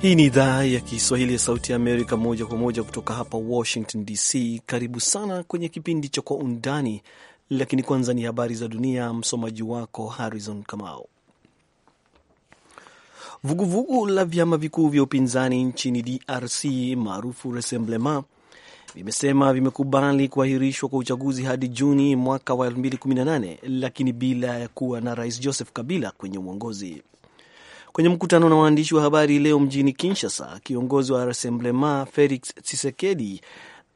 Hii ni idhaa ya Kiswahili ya Sauti ya Amerika, moja kwa moja kutoka hapa Washington DC. Karibu sana kwenye kipindi cha Kwa Undani, lakini kwanza ni habari za dunia. Msomaji wako Harrison Kamau. Vuguvugu la vyama vikuu vya upinzani nchini DRC maarufu Rassemblement vimesema vimekubali kuahirishwa kwa uchaguzi hadi Juni mwaka wa 2018 lakini bila ya kuwa na Rais Joseph Kabila kwenye uongozi. Kwenye mkutano na waandishi wa habari leo mjini Kinshasa, kiongozi wa Rassemblement Felix Tshisekedi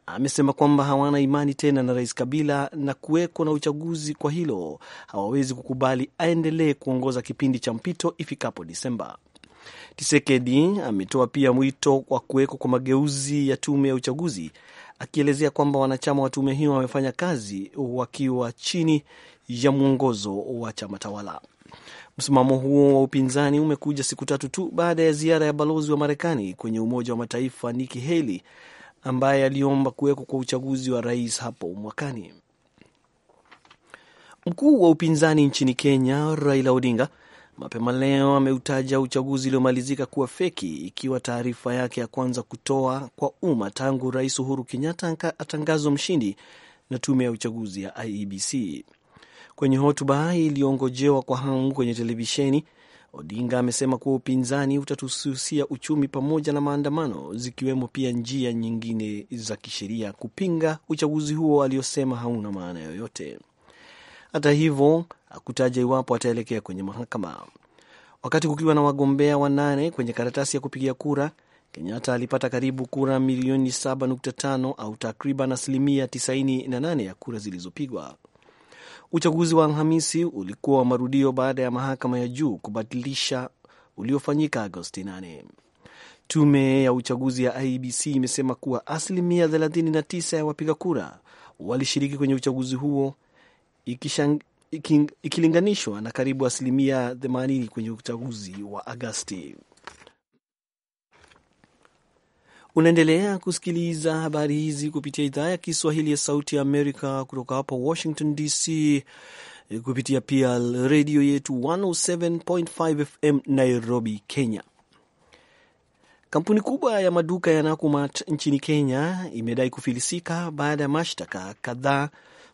amesema kwamba hawana imani tena na Rais Kabila na kuweko na uchaguzi, kwa hilo hawawezi kukubali aendelee kuongoza kipindi cha mpito ifikapo Disemba. Tshisekedi ametoa pia mwito wa kuweko kwa mageuzi ya tume ya uchaguzi akielezea kwamba wanachama wa tume hiyo wamefanya kazi wakiwa chini ya mwongozo wa chama tawala. Msimamo huo wa upinzani umekuja siku tatu tu baada ya ziara ya balozi wa Marekani kwenye Umoja wa Mataifa Nikki Haley ambaye aliomba kuwekwa kwa uchaguzi wa rais hapo mwakani. Mkuu wa upinzani nchini Kenya Raila Odinga mapema leo ameutaja uchaguzi uliomalizika kuwa feki, ikiwa taarifa yake ya kwanza kutoa kwa umma tangu Rais Uhuru Kenyatta atangazwa mshindi na tume ya uchaguzi ya IEBC. Kwenye hotuba iliyongojewa kwa hamu kwenye televisheni, Odinga amesema kuwa upinzani utatususia uchumi pamoja na maandamano, zikiwemo pia njia nyingine za kisheria kupinga uchaguzi huo aliosema hauna maana yoyote. Hata hivyo, hakutaja iwapo ataelekea kwenye mahakama. Wakati kukiwa na wagombea wanane kwenye karatasi ya kupigia kura, Kenyatta alipata karibu kura milioni 7.5 au takriban asilimia 98 ya kura zilizopigwa. Uchaguzi wa Alhamisi ulikuwa wa marudio baada ya mahakama ya juu kubatilisha uliofanyika Agosti 8. Tume ya uchaguzi ya IBC e imesema kuwa asilimia 39 ya wapiga kura walishiriki kwenye uchaguzi huo ikishang, iking, ikilinganishwa na karibu asilimia 80 kwenye uchaguzi wa Agasti. Unaendelea kusikiliza habari hizi kupitia idhaa ya Kiswahili ya Sauti ya Amerika kutoka hapa Washington DC, kupitia pia redio yetu 107.5 FM Nairobi, Kenya. Kampuni kubwa ya maduka ya Nakumat nchini Kenya imedai kufilisika baada ya mashtaka kadhaa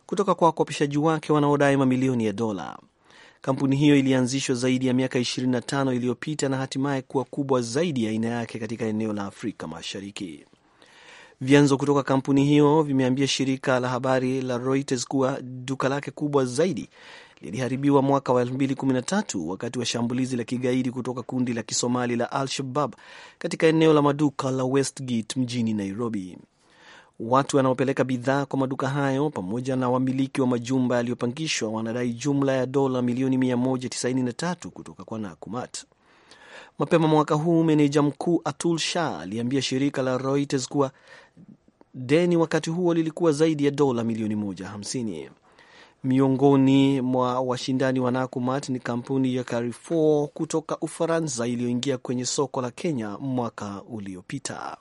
kutoka kwa wakopeshaji wake wanaodai mamilioni ya dola. Kampuni hiyo ilianzishwa zaidi ya miaka 25 iliyopita na hatimaye kuwa kubwa zaidi ya aina yake katika eneo la Afrika Mashariki. Vyanzo kutoka kampuni hiyo vimeambia shirika la habari la Reuters kuwa duka lake kubwa zaidi liliharibiwa mwaka wa 2013 wakati wa shambulizi la kigaidi kutoka kundi la Kisomali la Al-Shabab katika eneo la maduka la Westgate mjini Nairobi. Watu wanaopeleka bidhaa kwa maduka hayo pamoja na wamiliki wa majumba yaliyopangishwa wanadai jumla ya dola milioni 193 kutoka kwa Nakumat. Mapema mwaka huu, meneja mkuu Atul Shah aliambia shirika la Reuters kuwa deni wakati huo lilikuwa zaidi ya dola milioni 150. Miongoni mwa washindani wa Nakumat ni kampuni ya Carrefour kutoka Ufaransa iliyoingia kwenye soko la Kenya mwaka uliopita.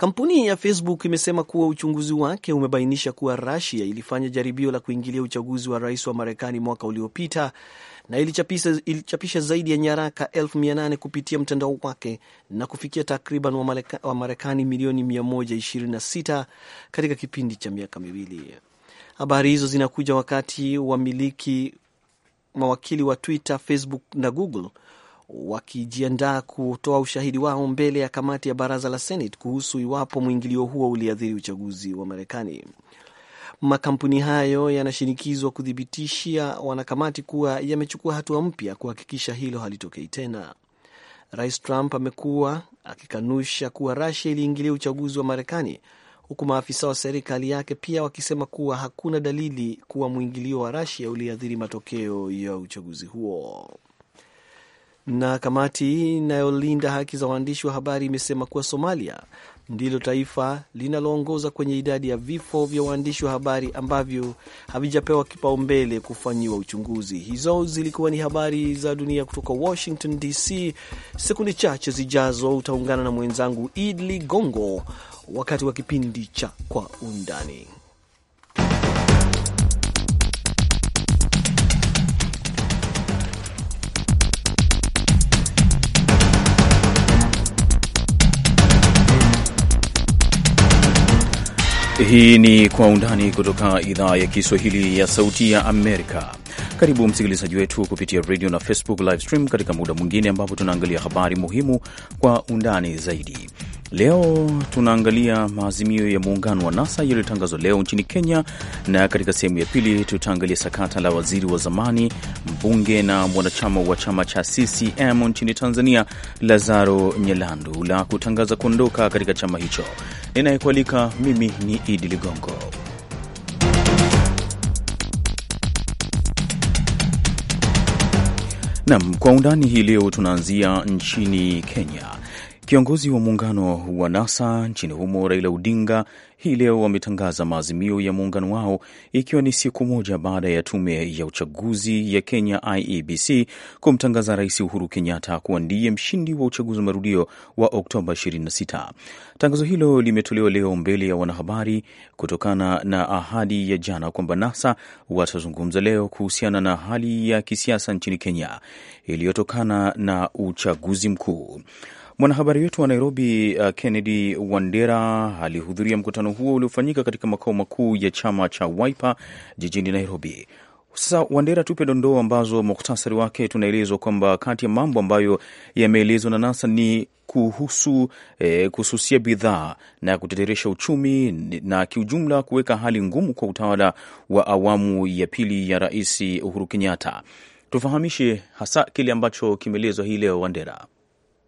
Kampuni ya Facebook imesema kuwa uchunguzi wake umebainisha kuwa Russia ilifanya jaribio la kuingilia uchaguzi wa rais wa Marekani mwaka uliopita na ilichapisha, ilichapisha zaidi ya nyaraka 8 kupitia mtandao wake na kufikia takriban wa marekani milioni 126 katika kipindi cha miaka miwili. Habari hizo zinakuja wakati wamiliki mawakili wa Twitter, Facebook na Google wakijiandaa kutoa ushahidi wao mbele ya kamati ya baraza la Senate kuhusu iwapo mwingilio huo uliathiri uchaguzi wa Marekani. Makampuni hayo yanashinikizwa kuthibitishia wanakamati kuwa yamechukua hatua mpya kuhakikisha hilo halitokei tena. Rais Trump amekuwa akikanusha kuwa rasia iliingilia uchaguzi wa Marekani, huku maafisa wa serikali yake pia wakisema kuwa hakuna dalili kuwa mwingilio wa rasia uliathiri matokeo ya uchaguzi huo. Na kamati inayolinda haki za waandishi wa habari imesema kuwa Somalia ndilo taifa linaloongoza kwenye idadi ya vifo vya waandishi wa habari ambavyo havijapewa kipaumbele kufanyiwa uchunguzi. Hizo zilikuwa ni habari za dunia kutoka Washington DC. Sekunde chache zijazo utaungana na mwenzangu Idli Gongo wakati wa kipindi cha Kwa Undani. Hii ni Kwa Undani kutoka idhaa ya Kiswahili ya Sauti ya Amerika. Karibu msikilizaji wetu kupitia radio na Facebook live stream katika muda mwingine ambapo tunaangalia habari muhimu kwa undani zaidi. Leo tunaangalia maazimio ya muungano wa NASA yaliyotangazwa leo nchini Kenya, na katika sehemu ya pili tutaangalia sakata la waziri wa zamani, mbunge na mwanachama wa chama cha CCM nchini Tanzania, Lazaro Nyelandu, la kutangaza kuondoka katika chama hicho. Ninayekualika mimi ni Idi Ligongo. Nam kwa undani hii leo tunaanzia nchini Kenya. Kiongozi wa muungano wa NASA nchini humo Raila Odinga hii leo wametangaza maazimio ya muungano wao ikiwa ni siku moja baada ya tume ya uchaguzi ya Kenya IEBC kumtangaza Rais Uhuru Kenyatta kuwa ndiye mshindi wa uchaguzi wa marudio wa Oktoba 26. Tangazo hilo limetolewa leo mbele ya wanahabari kutokana na ahadi ya jana kwamba NASA watazungumza leo kuhusiana na hali ya kisiasa nchini Kenya iliyotokana na uchaguzi mkuu. Mwanahabari wetu wa Nairobi, uh, Kennedy Wandera alihudhuria mkutano huo uliofanyika katika makao makuu ya chama cha Wiper jijini Nairobi. Sasa Wandera, tupe dondoo ambazo muktasari wake tunaelezwa kwamba kati ya mambo ambayo yameelezwa na NASA ni kuhusu eh, kususia bidhaa na kuteteresha uchumi na kiujumla kuweka hali ngumu kwa utawala wa awamu ya pili ya Rais Uhuru Kenyatta. Tufahamishe hasa kile ambacho kimeelezwa hii leo, Wandera.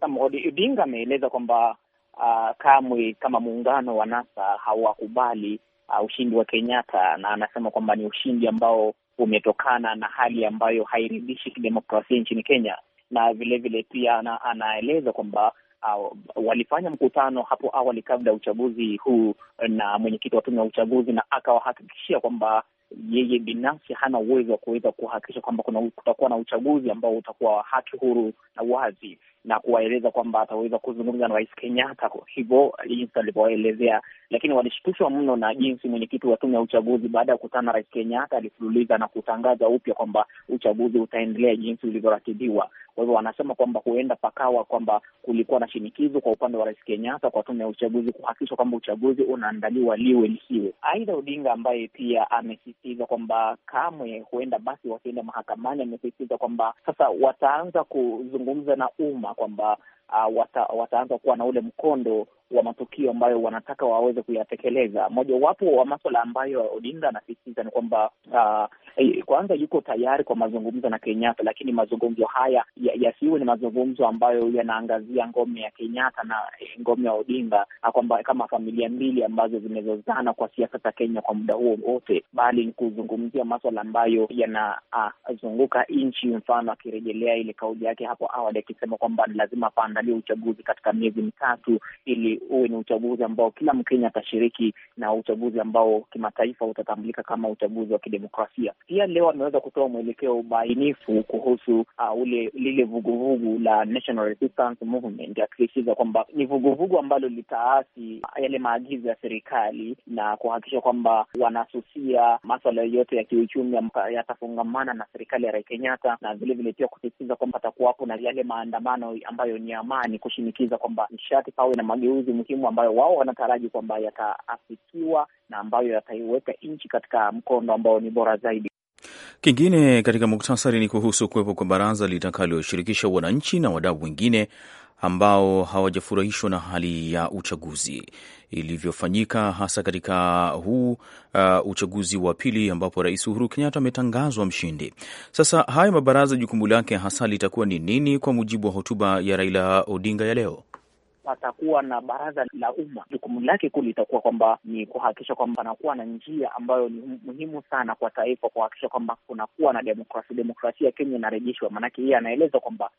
Sam Odinga ameeleza kwamba uh, kamwe kama muungano wa NASA hawakubali uh, ah, ushindi wa Kenyatta, na anasema kwamba ni ushindi ambao umetokana na hali ambayo hairidhishi kidemokrasia nchini Kenya, na vilevile vile pia ana, anaeleza kwamba Uh, walifanya mkutano hapo awali kabla ya uchaguzi huu na mwenyekiti wa tume ya uchaguzi, na akawahakikishia kwamba yeye binafsi hana uwezo wa kuweza kuhakikisha kwamba kutakuwa na uchaguzi ambao utakuwa wa haki, huru na wazi na kuwaeleza kwamba ataweza kuzungumza na Rais Kenyatta, hivyo jinsi alivyoelezea. Lakini walishtushwa mno na jinsi mwenyekiti wa tume ya uchaguzi baada ya kukutana na Rais Kenyatta alifululiza na kutangaza upya kwamba uchaguzi utaendelea jinsi ulivyoratibiwa. Kwa hivyo wanasema kwamba huenda pakawa kwamba kulikuwa na shinikizo kwa upande wa Rais Kenyatta kwa tume ya uchaguzi kuhakikisha kwamba uchaguzi unaandaliwa liwe lisiwe. Aidha, Odinga ambaye pia amesisitiza kwamba kamwe huenda basi wakienda mahakamani, amesisitiza kwamba sasa wataanza kuzungumza na umma kwamba uh, wata, wataanza kuwa na ule mkondo wa matukio ambayo wanataka waweze kuyatekeleza. Mojawapo wa maswala ambayo Odinga anasisitiza ni kwamba uh, eh, kwanza yuko tayari kwa mazungumzo na Kenyatta, lakini mazungumzo haya yasiwe ya ni mazungumzo ambayo yanaangazia ngome ya Kenyatta na eh, ngome ya Odinga, ah, kwamba kama familia mbili ambazo zimezozana kwa siasa za Kenya kwa muda huo wote, bali ni kuzungumzia maswala ambayo yanazunguka ah, uh, nchi. Mfano, akirejelea ile kauli yake hapo awali akisema kwamba ni lazima pana kuandalia uchaguzi katika miezi mitatu, ili uwe ni uchaguzi ambao kila Mkenya atashiriki na uchaguzi ambao kimataifa utatambulika kama uchaguzi wa kidemokrasia. Pia leo ameweza kutoa mwelekeo bainifu kuhusu uh, ule lile vuguvugu la National Resistance Movement, akisisitiza kwamba ni vuguvugu ambalo litaasi uh, yale maagizo ya serikali na kuhakikisha kwamba wanasusia maswala yote ya kiuchumi yatafungamana na serikali ya Rais Kenyatta, na vilevile pia kusisitiza kwamba atakuwapo na yale maandamano ambayo ni ya amani kushinikiza kwamba nishati pawe na mageuzi muhimu ambayo wao wanataraji kwamba yataafikiwa na ambayo yataiweka nchi katika mkondo ambao ni bora zaidi. Kingine katika muktasari ni kuhusu kuwepo kwa baraza litakaloshirikisha wananchi na wadau wengine ambao hawajafurahishwa na hali ya uchaguzi ilivyofanyika hasa katika huu uh, uchaguzi wa pili ambapo Rais Uhuru Kenyatta ametangazwa mshindi. Sasa haya mabaraza, jukumu lake hasa litakuwa ni nini, kwa mujibu wa hotuba ya Raila Odinga ya leo? patakuwa na baraza la umma. Jukumu lake kuu litakuwa kwamba ni kuhakikisha kwamba panakuwa na njia ambayo ni muhimu sana kwa taifa kuhakikisha kwamba kunakuwa na demokrasia, demokrasia Kenya inarejeshwa. Maanake yeye anaeleza kwamba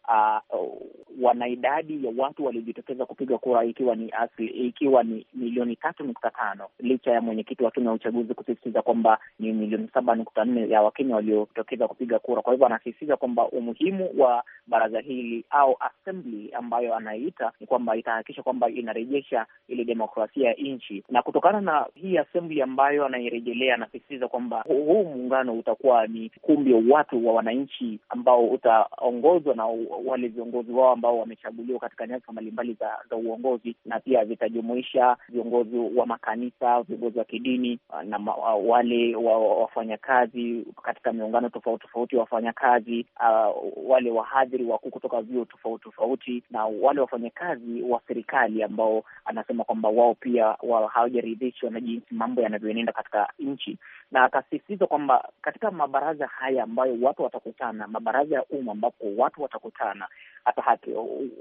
uh, wana idadi ya watu waliojitokeza kupiga kura ikiwa ni asli, ikiwa ni milioni tatu nukta tano licha ya mwenyekiti wa tume ya uchaguzi kusisitiza kwamba ni milioni saba nukta nne ya Wakenya waliotokeza kupiga kura. Kwa hivyo anasisitiza kwamba umuhimu wa baraza hili au assembly ambayo anaiita ni kwamba ita inahakikisha kwamba inarejesha ile demokrasia ya nchi. Na kutokana na hii assembly ambayo anairejelea, anasisitiza kwamba huu muungano utakuwa ni kumbi wa watu wa wananchi ambao utaongozwa na wale viongozi wao ambao wamechaguliwa katika nyasa mbalimbali za, za uongozi na pia vitajumuisha viongozi wa makanisa, viongozi wa kidini na ma, wale wa wafanyakazi katika miungano tofauti tofauti wafanyakazi, uh, wale wahadhiri wakuu kutoka vyuo tofauti tofauti na wale wafanyakazi wa serikali ambao anasema kwamba wao pia wao hawajaridhishwa na jinsi mambo yanavyoenenda katika nchi, na akasisitiza kwamba katika mabaraza haya ambayo watu watakutana, mabaraza ya umma ambapo watu watakutana, hata hati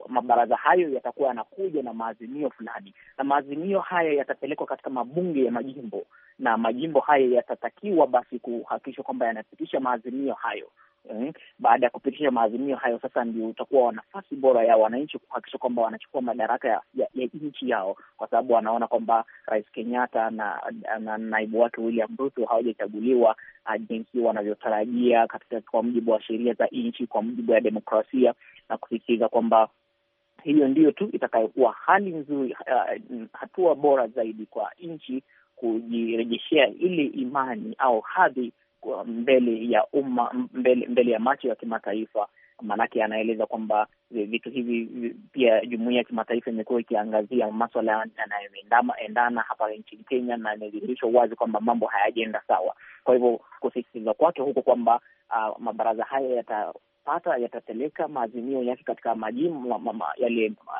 mabaraza hayo yatakuwa yanakuja na maazimio fulani, na maazimio haya yatapelekwa katika mabunge ya majimbo, na majimbo haya yatatakiwa basi kuhakikisha kwamba yanapitisha maazimio hayo Mm, baada ya kupitisha maazimio hayo, sasa ndio utakuwa nafasi bora ya wananchi kuhakikisha kwamba wanachukua madaraka ya, ya, ya nchi yao, kwa sababu wanaona kwamba Rais Kenyatta na, na, na naibu wake William Ruto hawajachaguliwa uh, jinsi wanavyotarajia katika kwa mujibu wa sheria za nchi, kwa mujibu wa demokrasia, na kusisitiza kwamba hiyo ndiyo tu itakayokuwa hali nzuri, uh, hatua bora zaidi kwa nchi kujirejeshea ile imani au hadhi mbele ya umma, mbele, mbele ya macho ya kimataifa. Maanake anaeleza kwamba vitu hivi pia jumuiya ya kimataifa imekuwa ikiangazia maswala yanayoendana hapa nchini Kenya, na imedhihirishwa wazi kwamba mambo hayajaenda sawa. Kwa hivyo kusisitiza kwake huko kwamba uh, mabaraza haya yatapata yatapeleka maazimio yake katika majimbo ma, ma, ma, yale, uh,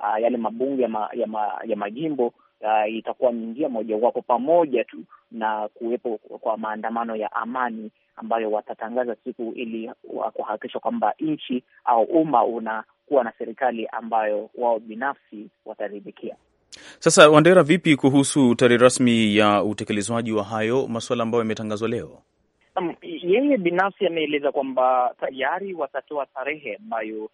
uh, yale mabunge ya, ma, ya, ma, ya majimbo uh, itakuwa ni njia mojawapo pamoja tu na kuwepo kwa maandamano ya amani ambayo watatangaza siku ili kuhakikisha kwamba nchi au umma unakuwa na serikali ambayo wao binafsi wataridhikia. Sasa Wandera, vipi kuhusu tarehe rasmi ya utekelezwaji wa hayo masuala ambayo yametangazwa leo? Um, yeye binafsi ameeleza kwamba tayari watatoa tarehe ambayo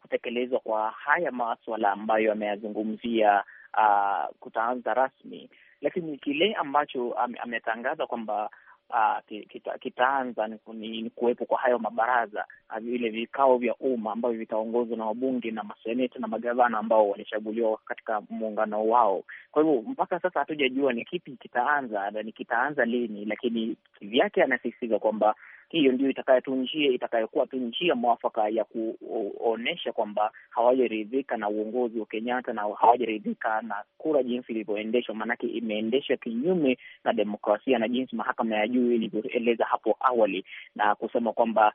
kutekelezwa kwa haya maswala ambayo ameyazungumzia uh, kutaanza rasmi, lakini kile ambacho ametangaza kwamba uh, kita, kitaanza ni, ni, ni kuwepo kwa hayo mabaraza ah, vile vikao vya umma ambavyo vitaongozwa na wabunge na maseneta na magavana ambao walichaguliwa katika muungano wao. Kwa hivyo mpaka sasa hatujajua ni kipi kitaanza na ni kitaanza lini, lakini kivyake anasisitiza kwamba hiyo ndio itakayotunjia itakayokuwa tu njia mwafaka ya kuonyesha kwamba hawajaridhika na uongozi wa Kenyatta na hawajaridhika na kura jinsi ilivyoendeshwa, maanake imeendeshwa kinyume na demokrasia na jinsi mahakama ya juu ilivyoeleza hapo awali na kusema kwamba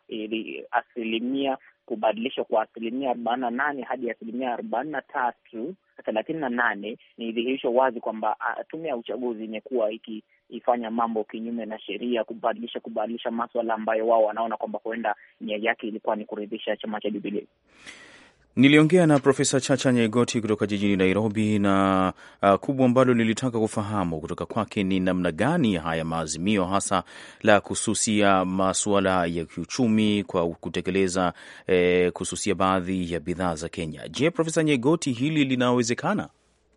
asilimia kubadilishwa kwa asilimia arobaini na nane hadi asilimia arobaini na tatu thelathini na nane ni dhihirisho wazi kwamba tume ya uchaguzi imekuwa ikiifanya mambo kinyume na sheria, kubadilisha kubadilisha maswala ambayo wao wanaona kwamba huenda nia yake ilikuwa ni kuridhisha chama cha Jubilii. Niliongea na Profesa Chacha Nyaigoti kutoka jijini Nairobi, na uh, kubwa ambalo nilitaka kufahamu kutoka kwake ni namna gani haya maazimio hasa la kususia masuala ya kiuchumi kwa kutekeleza eh, kususia baadhi ya bidhaa za Kenya. Je, Profesa Nyaigoti, hili linawezekana?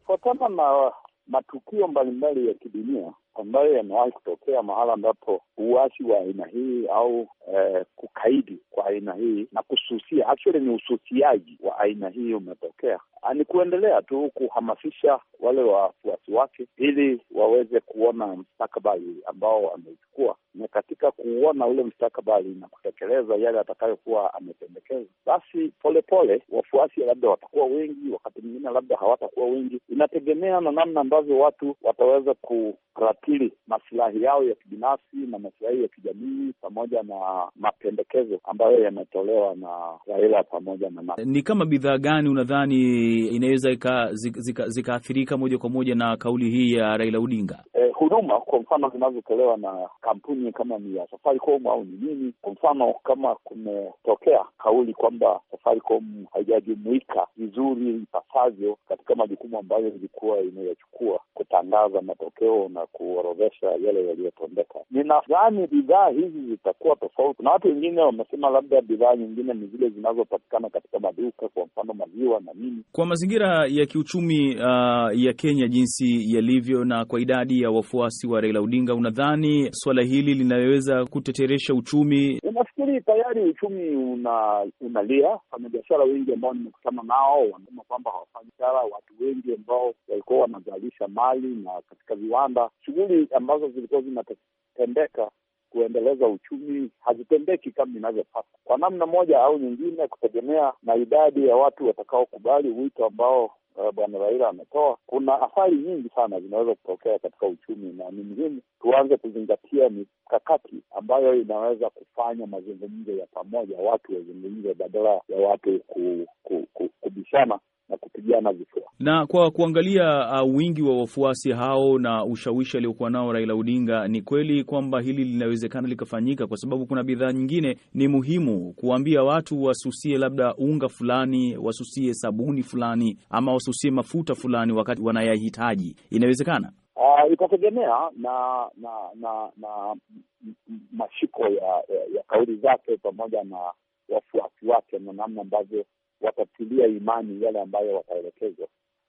Kufuatana na matukio mbalimbali ya kidunia ambayo yamewahi kutokea mahala ambapo uasi wa aina hii au eh, kukaidi kwa aina hii na kususia, actually ni ususiaji wa aina hii umetokea, ah, ni kuendelea tu kuhamasisha wale wafuasi wake ili waweze kuona mstakabali ambao amechukua, na katika kuona ule mstakabali na kutekeleza yale atakayokuwa amependekeza, basi polepole wafuasi labda watakuwa wengi, wakati mwingine labda hawatakuwa wengi. Inategemea na namna ambavyo watu wataweza ku kuakili masilahi yao ya kibinafsi na masilahi ya kijamii pamoja na mapendekezo ambayo yametolewa na Raila pamoja na NASA. Ni kama bidhaa gani unadhani inaweza zikaathirika zika, zika moja kwa moja na kauli hii ya Raila Odinga? Eh, huduma kwa mfano zinazotolewa na kampuni kama ni ya Safaricom au ni nini. Kwa mfano kama kumetokea kauli kwamba Safaricom haijajumuika vizuri ipasavyo katika majukumu ambayo ilikuwa inayachukua kutangaza matokeo na ku kuorodhesha yale yaliyotendeka. Ninadhani bidhaa hizi zitakuwa tofauti, na watu wengine wamesema labda bidhaa nyingine ni zile zinazopatikana katika maduka, kwa mfano maziwa na nini. Kwa mazingira ya kiuchumi uh, ya Kenya jinsi yalivyo na kwa idadi ya wafuasi wa Raila Odinga, unadhani suala hili linaweza kuteteresha uchumi? Unafikiri tayari uchumi una unalia. Wafanyabiashara wengi ambao nimekutana nao wanasema kwamba hawafanyi biashara. Watu wengi ambao walikuwa wanazalisha mali na katika viwanda shughuli ambazo zilikuwa zinatendeka kuendeleza uchumi hazitendeki kama inavyopasa, kwa namna moja au nyingine, kutegemea na idadi ya watu watakaokubali wito ambao Uh, Bwana Raila ametoa. Kuna athari nyingi sana zinaweza kutokea katika uchumi, na ni muhimu tuanze kuzingatia mikakati ambayo inaweza kufanya mazungumzo ya pamoja, watu wazungumze badala ya watu ku, ku, ku, kubishana na kupigana vifua. Na kwa kuangalia uh, wingi wa wafuasi hao na ushawishi aliokuwa nao Raila Odinga, ni kweli kwamba hili linawezekana likafanyika, kwa sababu kuna bidhaa nyingine ni muhimu kuwambia watu wasusie labda unga fulani, wasusie sabuni fulani, ama wasusie mafuta fulani wakati wanayahitaji. Inawezekana uh, itategemea na na na, na mashiko ya, ya, ya kauli zake pamoja na wafuasi wake na namna ambavyo watatilia imani yale ambayo wataelekezwa.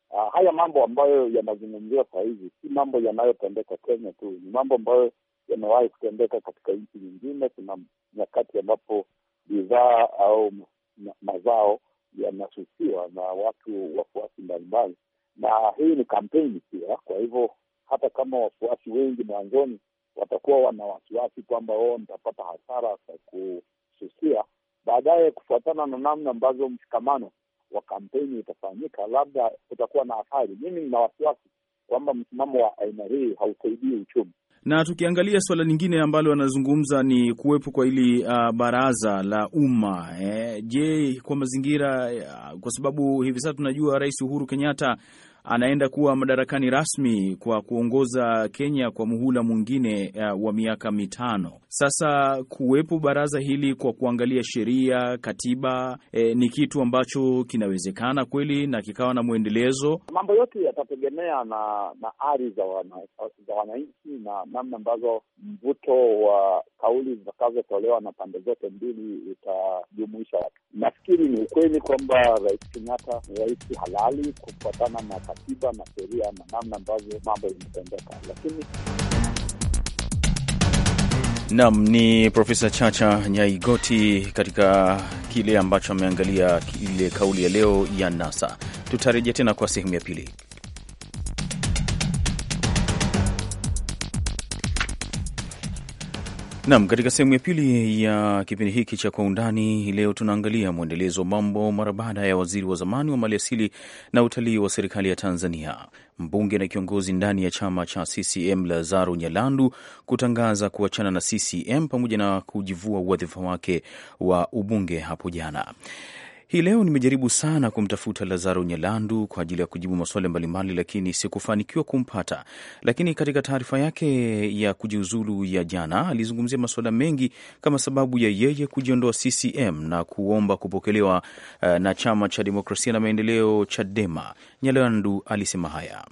Uh, haya mambo ambayo yanazungumziwa saa hizi si mambo yanayotendeka Kenya tu, ni mambo ambayo yamewahi kutendeka katika nchi nyingine. Kuna nyakati ambapo bidhaa au mazao yanasusiwa na watu wafuasi mbalimbali, na hii ni kampeni pia. Kwa hivyo hata kama wafuasi wengi mwanzoni watakuwa wana wasiwasi kwamba o, oh, nitapata hasara kwa kususia baadaye, kufuatana na namna ambazo mshikamano wa kampeni utafanyika, labda utakuwa na athari. Mimi nina wasiwasi kwamba msimamo wa aina hii hausaidii uchumi na tukiangalia suala lingine ambalo wanazungumza ni kuwepo kwa hili uh, baraza la umma eh. Je, kwa mazingira uh, kwa sababu hivi sasa tunajua Rais Uhuru Kenyatta anaenda kuwa madarakani rasmi kwa kuongoza Kenya kwa muhula mwingine uh, wa miaka mitano. Sasa kuwepo baraza hili kwa kuangalia sheria, katiba eh, ni kitu ambacho kinawezekana kweli na kikawa na mwendelezo. Mambo yote yatategemea na na ari za wananchi na namna ambazo mvuto wa kauli zitakazotolewa na pande zote mbili itajumuisha watu. Nafikiri ni ukweli kwamba Rais Kenyatta ni rais halali kufuatana na katiba na sheria na namna ambavyo mambo imetendeka lakini Nam ni Profesa Chacha Nyaigoti katika kile ambacho ameangalia ile kauli ya leo ya NASA. Tutarejea tena kwa sehemu ya pili. Nam, katika sehemu ya pili ya kipindi hiki cha Kwa Undani leo tunaangalia mwendelezo wa mambo mara baada ya waziri wa zamani wa maliasili na utalii wa serikali ya Tanzania, mbunge na kiongozi ndani ya chama cha CCM Lazaro Nyalandu kutangaza kuachana na CCM pamoja na kujivua wadhifa wake wa ubunge hapo jana. Hii leo nimejaribu sana kumtafuta Lazaro Nyalandu kwa ajili ya kujibu maswali mbalimbali, lakini sikufanikiwa kumpata. Lakini katika taarifa yake ya kujiuzulu ya jana alizungumzia masuala mengi kama sababu ya yeye kujiondoa CCM na kuomba kupokelewa uh, na chama cha demokrasia na maendeleo Chadema. Nyalandu alisema haya: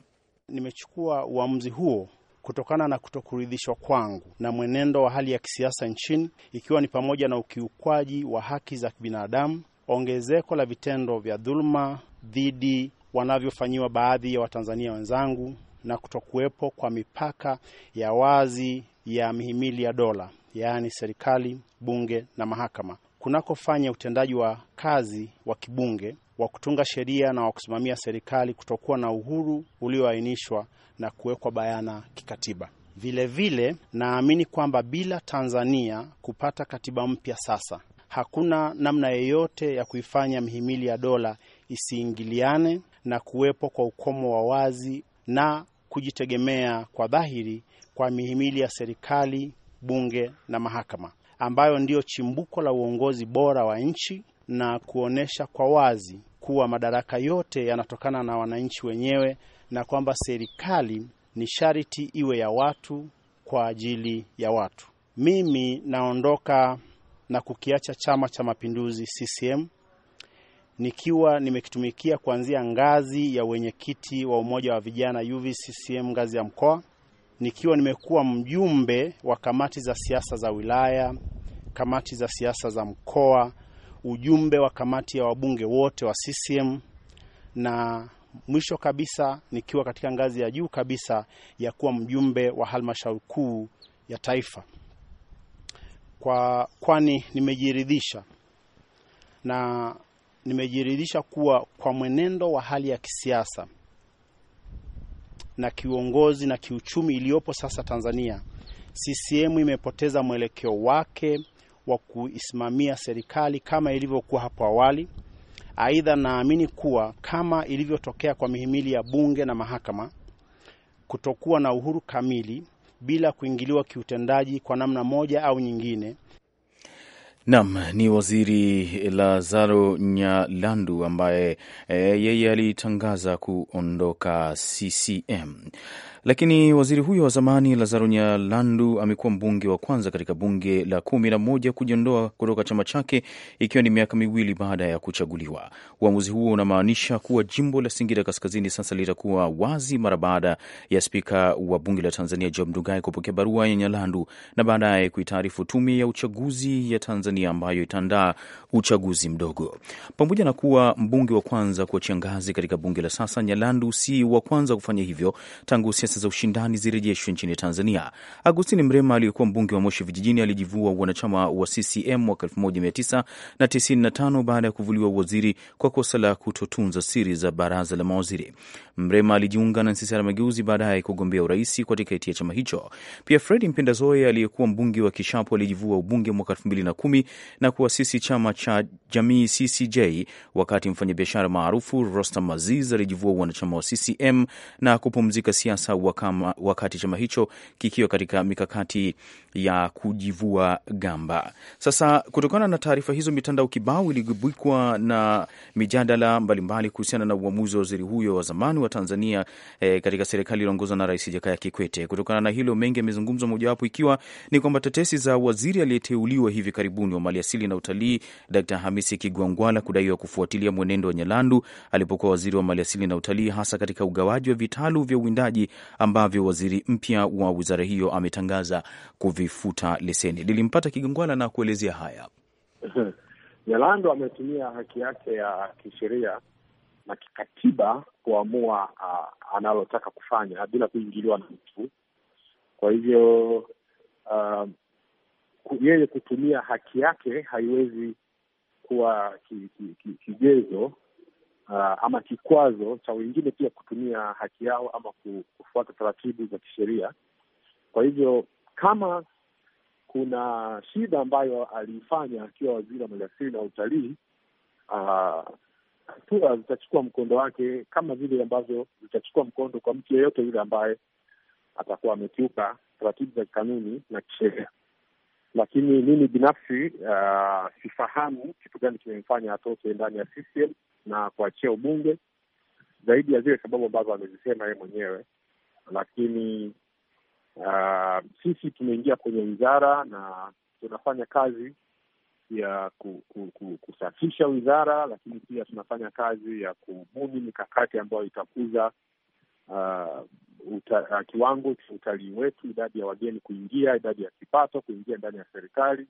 nimechukua uamuzi huo kutokana na kutokuridhishwa kwangu na mwenendo wa hali ya kisiasa nchini, ikiwa ni pamoja na ukiukwaji wa haki za kibinadamu ongezeko la vitendo vya dhuluma dhidi wanavyofanyiwa baadhi ya Watanzania wenzangu na kutokuwepo kwa mipaka ya wazi ya mihimili ya dola, yaani serikali, bunge na mahakama kunakofanya utendaji wa kazi wa kibunge wa kutunga sheria na wa kusimamia serikali kutokuwa na uhuru ulioainishwa na kuwekwa bayana kikatiba. Vilevile naamini kwamba bila Tanzania kupata katiba mpya sasa hakuna namna yeyote ya kuifanya mhimili ya dola isiingiliane na kuwepo kwa ukomo wa wazi na kujitegemea kwa dhahiri kwa mihimili ya serikali, bunge na mahakama, ambayo ndiyo chimbuko la uongozi bora wa nchi na kuonyesha kwa wazi kuwa madaraka yote yanatokana na wananchi wenyewe na kwamba serikali ni sharti iwe ya watu kwa ajili ya watu. Mimi naondoka na kukiacha Chama cha Mapinduzi CCM nikiwa nimekitumikia kuanzia ngazi ya wenyekiti wa umoja wa vijana UVCCM ngazi ya mkoa, nikiwa nimekuwa mjumbe wa kamati za siasa za wilaya, kamati za siasa za mkoa, ujumbe wa kamati ya wabunge wote wa CCM na mwisho kabisa nikiwa katika ngazi ya juu kabisa ya kuwa mjumbe wa halmashauri kuu ya taifa kwa kwani nimejiridhisha na nimejiridhisha kuwa kwa mwenendo wa hali ya kisiasa na kiuongozi na kiuchumi iliyopo sasa Tanzania, CCM imepoteza mwelekeo wake wa kuisimamia serikali kama ilivyokuwa hapo awali. Aidha, naamini kuwa kama ilivyotokea kwa mihimili ya bunge na mahakama, kutokuwa na uhuru kamili bila kuingiliwa kiutendaji kwa namna moja au nyingine. Nam ni Waziri Lazaro Nyalandu ambaye e, yeye alitangaza kuondoka CCM. Lakini waziri huyo wa zamani Lazaro Nyalandu amekuwa mbunge wa kwanza katika bunge la kumi na moja kujiondoa kutoka chama chake ikiwa ni miaka miwili baada ya kuchaguliwa. Uamuzi huo unamaanisha kuwa jimbo la Singida Kaskazini sasa litakuwa wazi mara baada ya spika wa bunge la Tanzania Job Ndugai kupokea barua ya Nyalandu na baadaye kuitaarifu tume ya uchaguzi ya Tanzania ambayo itaandaa uchaguzi mdogo. Pamoja na kuwa mbunge wa kwanza kuachia ngazi katika bunge la sasa, Nyalandu si wa kwanza kufanya hivyo tangu siasa siasa za ushindani zirejeshwe nchini Tanzania. Agustini Mrema aliyekuwa mbunge wa Moshi Vijijini alijivua wanachama wa CCM mwaka 1995 baada ya kuvuliwa uwaziri kwa kosa la kutotunza siri za baraza la mawaziri. Mrema alijiunga na NCCR Mageuzi baadaye kugombea urais kwa tiketi ya chama hicho. Pia Fredi Mpendazoe aliyekuwa mbunge wa Kishapu alijivua ubunge mwaka 2010 na kuasisi chama cha jamii CCJ, wakati mfanyabiashara maarufu Rostam Aziz alijivua wanachama wa CCM na kupumzika siasa wakama, wakati chama hicho kikiwa katika mikakati ya kujivua gamba. Sasa, kutokana na taarifa hizo, mitandao kibao iligubikwa na mijadala mbalimbali kuhusiana na uamuzi wa waziri huyo wa zamani wa Tanzania e, katika serikali iliongozwa na Rais Jakaya Kikwete. Kutokana na hilo, mengi yamezungumzwa, mojawapo ikiwa ni kwamba tetesi za waziri aliyeteuliwa hivi karibuni wa maliasili na utalii Dkt. Hamisi Kigwangwala kudaiwa kufuatilia mwenendo wa Nyalandu alipokuwa waziri wa maliasili na utalii, hasa katika ugawaji wa vitalu vya uwindaji ambavyo waziri mpya wa wizara hiyo ametangaza kuvi kuifuta leseni. lilimpata Kigongwana na kuelezea haya. Nyalando ametumia haki yake ya kisheria na kikatiba kuamua uh, analotaka kufanya bila kuingiliwa na mtu. Kwa hivyo uh, yeye kutumia haki yake haiwezi kuwa ki, ki, ki, kigezo uh, ama kikwazo cha wengine pia kutumia haki yao ama kufuata taratibu za kisheria. Kwa hivyo kama kuna shida ambayo aliifanya akiwa waziri wa maliasili na utalii. Ah, hatua zitachukua mkondo wake kama vile ambavyo zitachukua mkondo kwa mtu yeyote yule ambaye atakuwa amekiuka taratibu za kikanuni na kisheria. Lakini mimi binafsi uh, sifahamu kitu gani kimemfanya atoke ndani ya system na kuachia ubunge zaidi ya zile sababu ambazo amezisema yeye mwenyewe, lakini Uh, sisi tumeingia kwenye wizara na tunafanya kazi ya ku, ku, ku, kusafisha wizara, lakini pia tunafanya kazi ya kubuni mikakati ambayo itakuza uh, uta, uh, kiwango cha utalii wetu, idadi ya wageni kuingia, idadi ya kipato kuingia ndani ya serikali.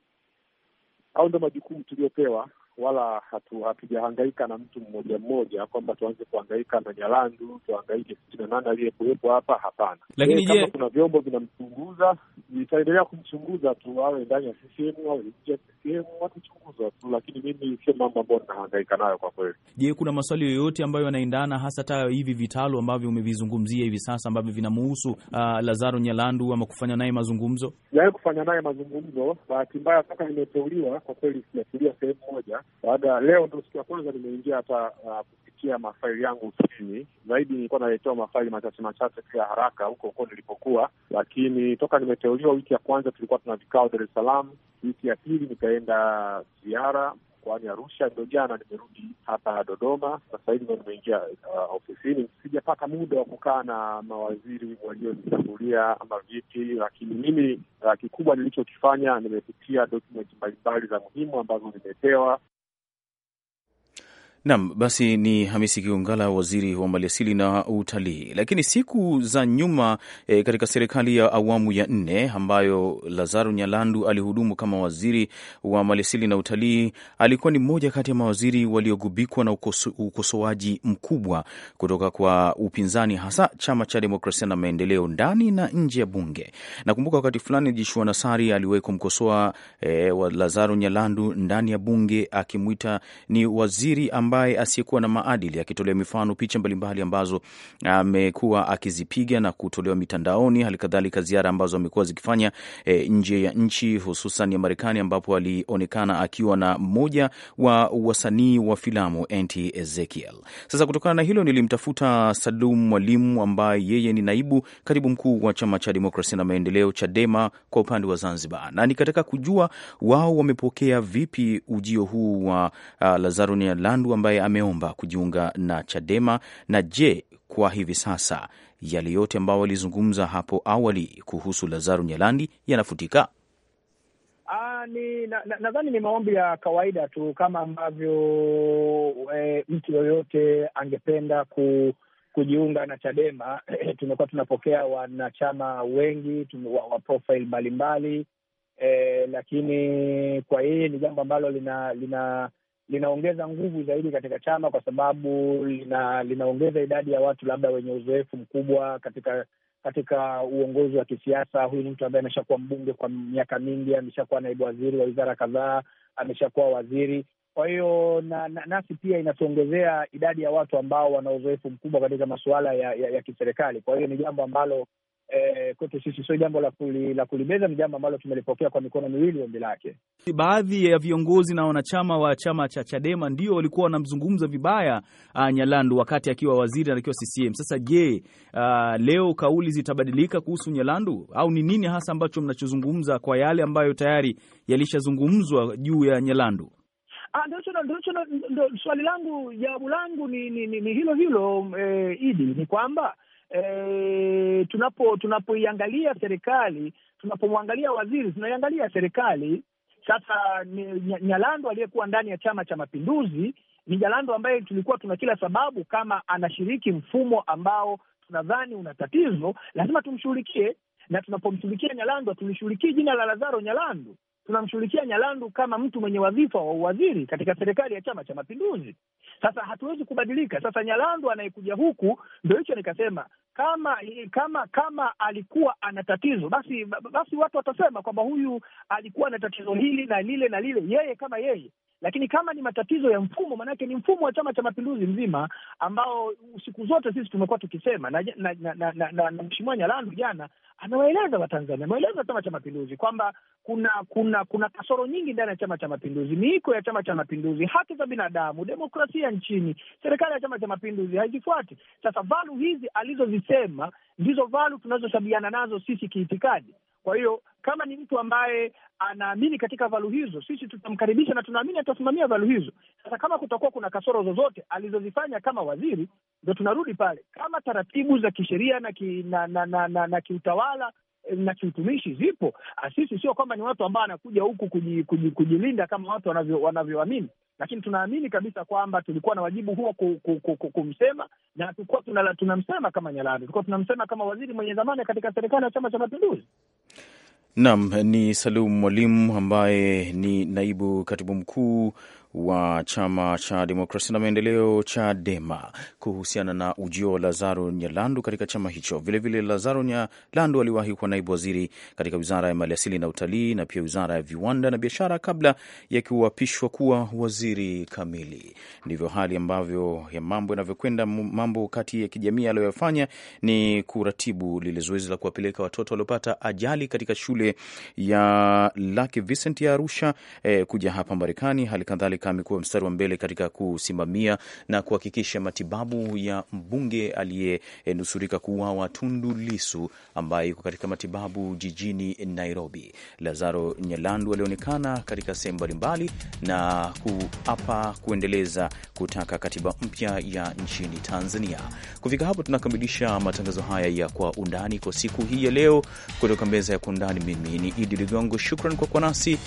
Au ndo majukumu tuliyopewa wala hatujahangaika na mtu mmoja mmoja, kwamba tuanze kuhangaika na Nyalandu, tuhangaike sitina na nane aliyekuwepo hapa. Hapana, lakini eh, je, kama kuna vyombo vinamchunguza vitaendelea kumchunguza tu, awe ndani ya CCM awe nje ya CCM, watachunguzwa tu, lakini mimi sio mambo ambayo ninahangaika nayo kwa kweli. Je, kuna maswali yoyote ambayo yanaendana hasa hata hivi vitalu ambavyo umevizungumzia hivi sasa ambavyo vinamuhusu uh, Lazaro Nyalandu ama kufanya naye mazungumzo? Sijawahi kufanya naye mazungumzo, bahati mbaya toka nimeteuliwa kwa kweli sijafikiria sehemu moja baada ya leo ndo siku ya kwanza nimeingia hata uh, kupitia mafaili yangu chini zaidi. Nilikuwa naletewa mafaili machache machache tu ya haraka huko huko nilipokuwa, lakini toka nimeteuliwa, wiki ya kwanza tulikuwa tuna vikao Dar es Salaam, wiki ya pili nikaenda ziara mkoani Arusha, ndo jana nimerudi hapa Dodoma. Sasa hivi ndo nimeingia uh, ofisini. Sijapata muda wa kukaa na mawaziri walionitangulia ama vipi, lakini mimi uh, kikubwa nilichokifanya nimepitia dokumenti mbalimbali za muhimu ambazo nimepewa Nam basi, ni Hamisi Kiungala, waziri wa maliasili na utalii. Lakini siku za nyuma e, katika serikali ya awamu ya nne ambayo Lazaro Nyalandu alihudumu kama waziri wa maliasili na utalii, alikuwa ni mmoja kati ya mawaziri waliogubikwa na ukoso, ukosoaji mkubwa kutoka kwa upinzani, hasa chama cha demokrasia na maendeleo ndani na nje ya bunge. Nakumbuka wakati fulani Jishua Nasari aliwahi kumkosoa e, Lazaro Nyalandu ndani ya bunge akimwita ni waziri amba ambaye asiyekuwa na maadili, akitolea mifano picha mbalimbali ambazo amekuwa akizipiga na kutolewa mitandaoni, halikadhalika ziara ambazo amekuwa zikifanya e, nje ya nchi hususan ya Marekani, ambapo alionekana akiwa na mmoja wa wasanii wa filamu Auntie Ezekiel. Sasa kutokana na hilo nilimtafuta Salum Mwalimu ambaye yeye ni naibu katibu mkuu wa chama cha demokrasia na maendeleo Chadema kwa upande wa Zanzibar, na nikataka kujua wao wamepokea vipi ujio huu wa uh, Lazaro Nyalandu ambaye ambaye ameomba kujiunga na Chadema, na je, kwa hivi sasa yale yote ambayo walizungumza hapo awali kuhusu Lazaru Nyalandi yanafutika? Nadhani na, na, ni maombi ya kawaida tu kama ambavyo e, mtu yoyote angependa ku, kujiunga na Chadema. Tumekuwa tunapokea wanachama wengi wa, wa profile mbalimbali e, lakini kwa yeye ni jambo ambalo lina, lina linaongeza nguvu zaidi katika chama kwa sababu lina, linaongeza idadi ya watu labda wenye uzoefu mkubwa katika katika uongozi wa kisiasa. Huyu ni mtu ambaye ameshakuwa mbunge kwa miaka mingi, ameshakuwa naibu waziri wa wizara kadhaa, ameshakuwa waziri. Kwa hiyo na, na, nasi pia inatuongezea idadi ya watu ambao wana uzoefu mkubwa katika masuala ya, ya, ya kiserikali. Kwa hiyo ni jambo ambalo Eh, kwetu sisi sio jambo la, kuli, la kulimeza. Ni jambo ambalo tumelipokea kwa mikono miwili ombi lake. Baadhi ya viongozi na wanachama wa chama cha Chadema ndio walikuwa wanamzungumza vibaya uh, Nyalandu wakati akiwa waziri na akiwa CCM. Sasa je, uh, leo kauli zitabadilika kuhusu Nyalandu au ni nini hasa ambacho mnachozungumza kwa yale ambayo tayari yalishazungumzwa juu ya Nyalandu? Ah, ndio swali langu, jawabu langu ni, ni, ni, ni hilo hilo eh, Idi, ni kwamba e, tunapo tunapoiangalia serikali, tunapomwangalia waziri, tunaiangalia serikali. Sasa Nyalando aliyekuwa ndani ya Chama cha Mapinduzi ni Nyalando ambaye tulikuwa tuna kila sababu, kama anashiriki mfumo ambao tunadhani una tatizo, lazima tumshughulikie, na tunapomshughulikia Nyalando tulishughulikie jina la Lazaro Nyalando tunamshughulikia Nyalandu kama mtu mwenye wadhifa wa uwaziri katika serikali ya Chama cha Mapinduzi. Sasa hatuwezi kubadilika. Sasa Nyalandu anayekuja huku, ndio hicho nikasema kama kama kama alikuwa ana tatizo basi, basi watu watasema kwamba huyu alikuwa na tatizo hili na lile na lile, yeye kama yeye. Lakini kama ni matatizo ya mfumo, maanake ni mfumo wa Chama cha Mapinduzi mzima ambao siku zote sisi tumekuwa tukisema na, na, na, na, na, na Mheshimiwa Nyalandu jana amewaeleza Watanzania, amewaeleza Chama cha Mapinduzi kwamba kuna kuna kuna kasoro nyingi ndani ya Chama cha Mapinduzi, miiko ya Chama cha Mapinduzi, haki za binadamu, demokrasia nchini, serikali ya Chama cha Mapinduzi haizifuati. Sasa valu hizi alizozisema ndizo valu tunazoshabiana nazo sisi kiitikadi. Kwa hiyo kama ni mtu ambaye anaamini katika valu hizo, sisi tutamkaribisha na tunaamini atasimamia valu hizo. Sasa kama kutakuwa kuna kasoro zozote alizozifanya kama waziri, ndo tunarudi pale, kama taratibu za kisheria na, ki, na, na, na, na, na kiutawala na kiutumishi zipo. Ah, sisi sio kwamba ni watu ambao anakuja huku kujilinda kama watu wanavyoamini lakini tunaamini kabisa kwamba tulikuwa na wajibu huo kumsema, na tulikuwa tunamsema kama Nyalali, tulikuwa tunamsema kama waziri mwenye zamani katika serikali ya Chama cha Mapinduzi. Naam, ni Salum Mwalimu ambaye ni naibu katibu mkuu wa chama cha demokrasia na maendeleo Chadema kuhusiana na ujio wa Lazaro Nyalandu katika chama hicho. Vilevile vile Lazaro Nyalandu aliwahi kuwa naibu waziri katika wizara ya maliasili na utalii na pia wizara ya viwanda na biashara kabla ya kuapishwa kuwa waziri kamili. Ndivyo hali ambavyo ya mambo yanavyokwenda. Mambo kati ya kijamii aliyoyafanya ni kuratibu lile zoezi la kuwapeleka watoto waliopata ajali katika shule ya Lucky Vincent ya Arusha eh, kuja hapa Marekani. Hali kadhalika Mashtaka amekuwa mstari wa mbele katika kusimamia na kuhakikisha matibabu ya mbunge aliyenusurika kuuawa Tundu Lisu ambaye iko katika matibabu jijini Nairobi. Lazaro Nyalandu alionekana katika sehemu mbalimbali na kuapa kuendeleza kutaka katiba mpya ya nchini Tanzania. Kufika hapo, tunakamilisha matangazo haya ya Kwa Undani kwa siku hii ya leo, kutoka meza ya Kwa Undani. Mimi ni Idi Ligongo, shukran kwa kuwa nasi.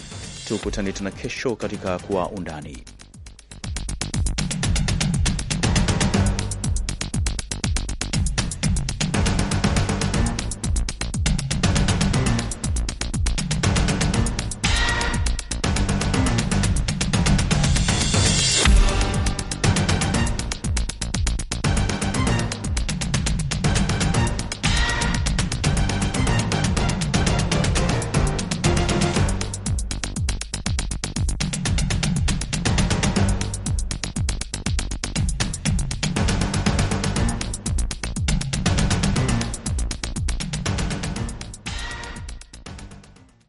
Tukutane tena kesho katika Kwa Undani. Miami.